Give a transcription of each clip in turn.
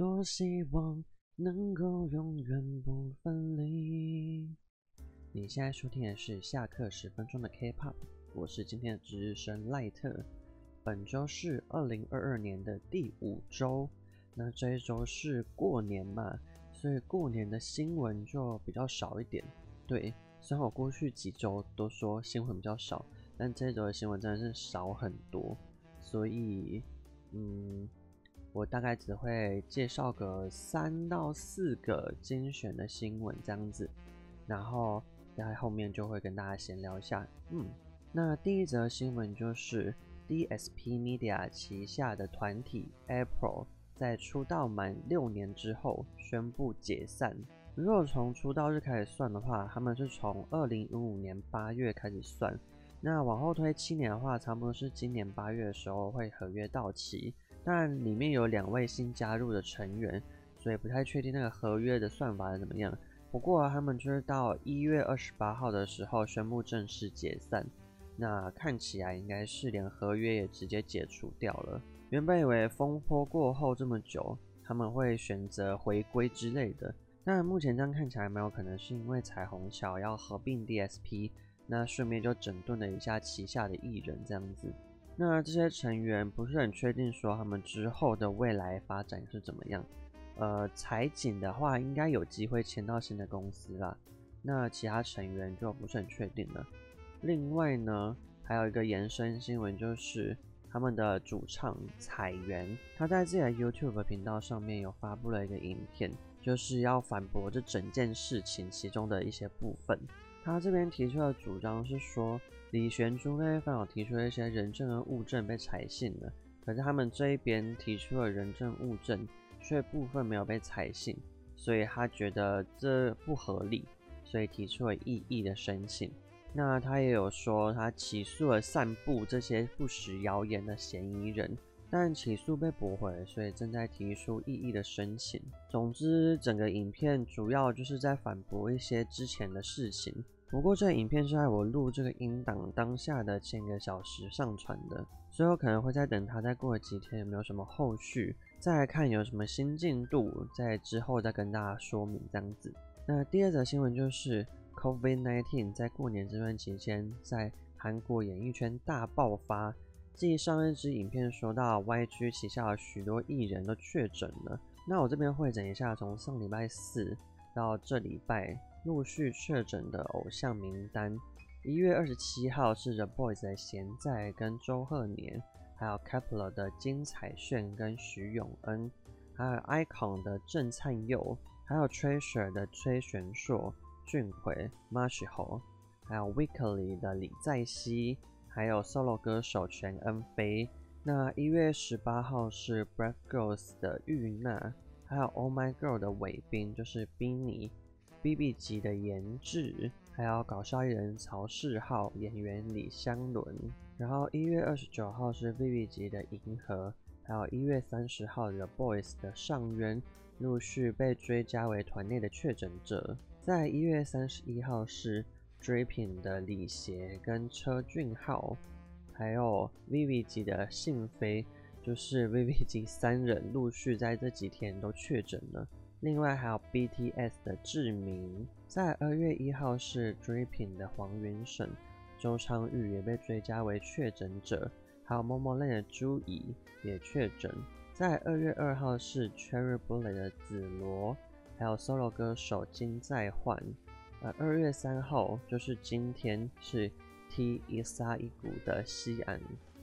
多希望能夠永遠不分離。你現在收聽的是下課十分鐘的 K-pop，我是今天的值日生賴特。本周是二零二二年的第五周，那這一周是過年嘛，所以過年的新聞就比較少一點。對，雖然我過去幾周都說新聞比較少，但這一周的新聞真的是少很多，所以，嗯。我大概只會介紹個三到四個精選的新聞這樣子，然後在後面就會跟大家閒聊一下。嗯，那第一則新聞就是 DSP Media 旗下的團體 April 在出道滿六年之後宣布解散。如果從出道日開始算的話，他們是從二零一五年八月開始算，那往後推七年的話，差不多是今年八月的時候會合約到期，但裡面有兩位新加入的成員，所以不太確定那個合約的算法怎麼樣。不過啊，他們就是到一月二十八號的時候宣布正式解散，那看起來應該是連合約也直接解除掉了。原本以為風波過後這麼久，他們會選擇回歸之類的，但目前這樣看起來沒有可能，是因為彩虹橋要合併 DSP，那順便就整頓了一下旗下的藝人這樣子。那這些成員不是很確定，說他們之後的未來發展是怎麼樣。呃，彩堇的話，應該有機會簽到新的公司啦。那其他成員就不是很確定了。另外呢，還有一個延伸新聞，就是他們的主唱彩源他在自己的 YouTube 頻道上面有發布了一個影片，就是要反駁這整件事情其中的一些部分。他這邊提出的主張是說，李玄珠那邊有提出一些人證和物證被採信了，可是他們這一邊提出了人證物證，卻部分沒有被採信，所以他覺得這不合理，所以提出了異議的申請。那他也有說他起訴了散布這些不實謠言的嫌疑人，但起訴被駁回，所以正在提出異議的申請。總之，整個影片主要就是在反駁一些之前的事情。不過這影片是在我錄這個音檔當下的前一個小時上傳的，所以我可能會再等它再過幾天有沒有什麼後續，再看有什麼新進度，在之後再跟大家說明這樣子。那第二則新聞就是 COVID-19 在過年這段期間在韓國演藝圈大爆發，繼上一支影片說到 YG 旗下的許多藝人都確診了，那我這邊會整一下，從上禮拜四到這禮拜。陸續確診的偶像名單：一月二十七號是 The Boys 的賢在跟周鶴年，還有 Kep1er 的金彩炫跟徐永恩，還有 Icon 的鄭燦佑，還有 Treasure 的崔玄碩、俊奎、Mashiho 還有 Weekly 的李在熙，還有 Solo 歌手全恩菲。那一月十八號是 Brave Girls 的玉娜，還有 Oh My Girl 的韋兵，就是 Binnie。VIVIZ 的嚴智，還有搞笑藝人曹世鎬，演員李相侖，然後一月二十九號是 VIVIZ 的銀河，還有一月三十號的、The、BOYS 的上淵陸續被追加為團內的確診者。在一月三十一號是 JYP 的李協跟車俊浩，還有 VIVIZ 的信飛，就是 VIVIZ 三人陸續在這幾天都確診了。另外還有 BTS 的志明，在二月一號是 d r i p 的黃元神，周昌玉，也被追加為確診者，還有 m o m o l a n 的朱怡也確診。在二月二號是 Cherry Bullet 的紫羅，還有 Solo 歌手金在煥。而二月三號就是今天，是 t 1 3 1一谷的西安，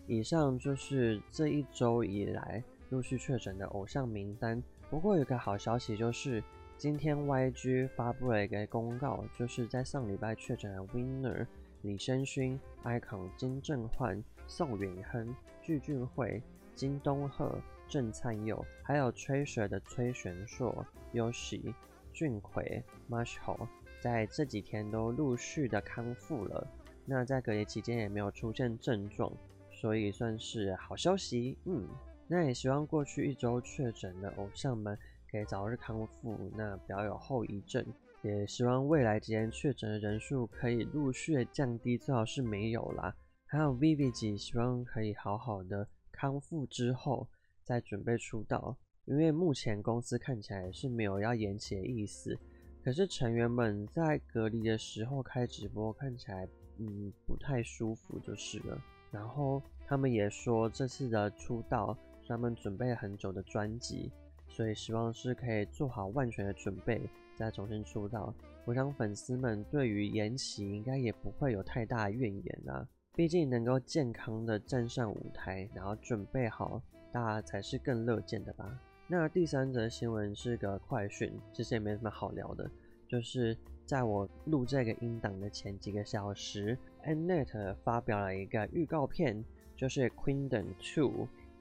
以上就是這一周以來陸續確診的偶像名單。不過有個好消息就是，今天 YG 發佈了一個公告，就是在上禮拜確診的 Winner 李昇勳、iKON 金振煥、宋允亨、具俊會、金東赫、鄭燦佑，還有 TREASURE 的崔玄碩、Yoshi、俊奎、Marshol，在這幾天都陸續的康復了。那在隔離期間也沒有出現症狀，所以算是好消息。嗯。那也希望過去一周確診的偶像們可以早日康復，那不要有後遺症。也希望未來幾天確診的人數可以陸續降低，最好是沒有啦。還有 Vivi 姐，希望可以好好的康復之後再準備出道，因為目前公司看起來是沒有要延期的意思。可是成員們在隔離的時候開直播，看起來嗯不太舒服就是了。然後他們也說這次的出道。他們準備了很久的專輯，所以希望是可以做好萬全的準備再重新出道。我想粉絲們對於延期應該也不會有太大怨言啦、啊，畢竟能夠健康的站上舞台，然後準備好，大家才是更樂見的吧。那第三則新聞是個快訊，其實也沒什麼好聊的，就是在我錄這個音檔的前幾個小時，Annet 發表了一個預告片，就是《Queendom 2》。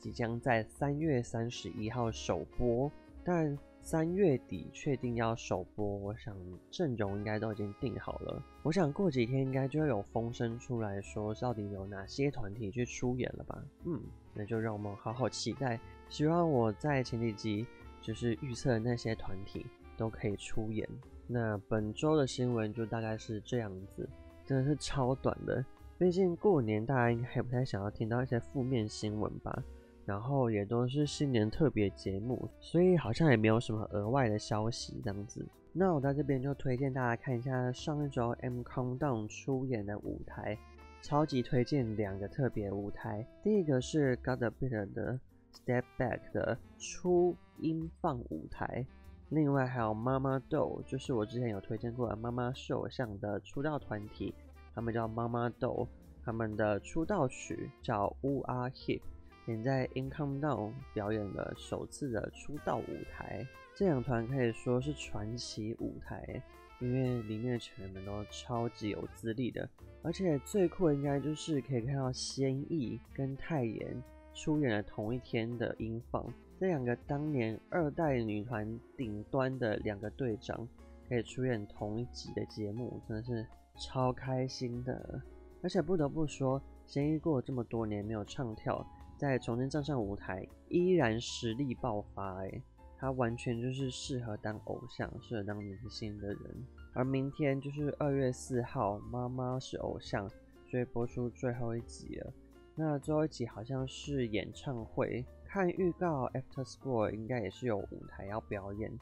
即將在三月三十一號首播，但三月底確定要首播，我想陣容應該都已經定好了。我想過幾天應該就會有風聲出來說到底有哪些團體去出演了吧？嗯，那就讓我們好好期待。希望我在前幾集就是預測的那些團體都可以出演。那本周的新聞就大概是這樣子，真的是超短的。畢竟過年大家應該還不太想要聽到一些負面新聞吧。然後也都是新年特別節目，所以好像也沒有什麼額外的消息這樣子。那我在這邊就推薦大家看一下上一周 M Countdown 出演的舞台，超級推薦兩個特別舞台。第一個是 GOT the beat 的 Step Back 的初音放舞台，另外還有媽媽豆，就是我之前有推薦過的媽媽是偶像的出道團體，他們叫媽媽豆，他們的出道曲叫 WooAh HIP。也在《M Countdown》表演了首次的出道舞台，這兩團可以說是傳奇舞台，因為裡面的成員們都超級有資歷的，而且最酷的應該就是可以看到仙藝跟泰妍出演了同一天的音放，這兩個當年二代女團頂端的兩個隊長可以出演同一集的節目，真的是超開心的。而且不得不說，仙藝過這麼多年沒有唱跳。在重新站上，上舞台，依然實力爆發哎，他完全就是適合當偶像、適合當明星的人。而明天就是二月四號，《媽媽是偶像》所以播出最後一集了。那最後一集好像是演唱會，看預告，After School 應該也是有舞台要表演。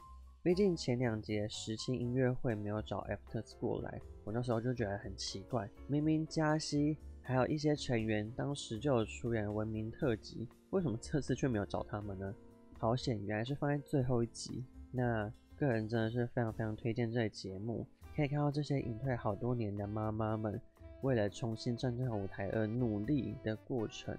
畢竟前兩節實情音樂會沒有找 After School 來，我那時候就覺得很奇怪，明明嘉熙。還有一些成員當時就有出演《文明特輯》，為什麼這次卻沒有找他們呢？好險，原來是放在最後一集。那個人真的是非常非常推薦這個節目，可以看到這些隱退好多年的媽媽們為了重新站在舞台而努力的過程。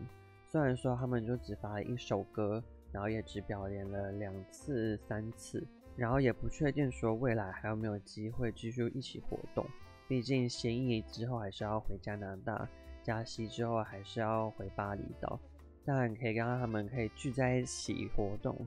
雖然說他們就只發了一首歌，然後也只表演了兩次三次，然後也不確定說未來還有沒有機會繼續一起活動。畢竟協議之後還是要回加拿大，加息之後還是要回巴厘島，當然可以跟他，他們可以聚在一起活動，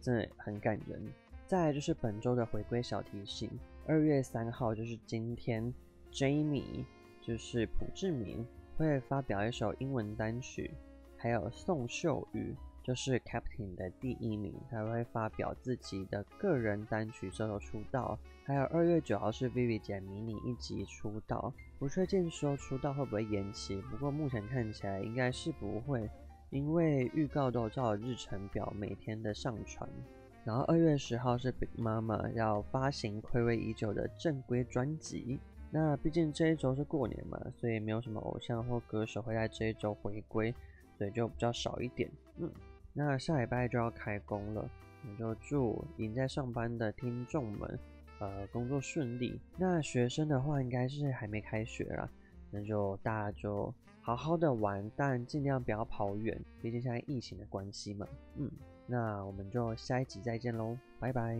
真的很感人。再來就是本周的回歸小提醒：二月三號就是今天，Jamie 就是朴志敏會發表一首英文單曲，還有宋秀瑜。就是 Captain 的第一名，他會發表自己的個人單曲，之後出道。還有二月九號是 VIVIZ 迷你一輯出道，不確定說出道會不會延期，不過目前看起來應該是不會，因為預告都有照日程表每天的上傳。然後二月十號是 Big Mama 要發行暌違已久的正規專輯。那畢竟這一週是過年嘛，所以沒有什麼偶像或歌手會在這一週回歸，所以就比較少一點。嗯。那下禮拜就要開工了，那就祝已經在上班的聽眾們，呃，工作順利。那學生的話，應該是還沒開學啦，那就大家就好好的玩，但儘量不要跑遠，畢竟現在疫情的關係嘛。嗯，那我們就下一集再見嘍，拜拜。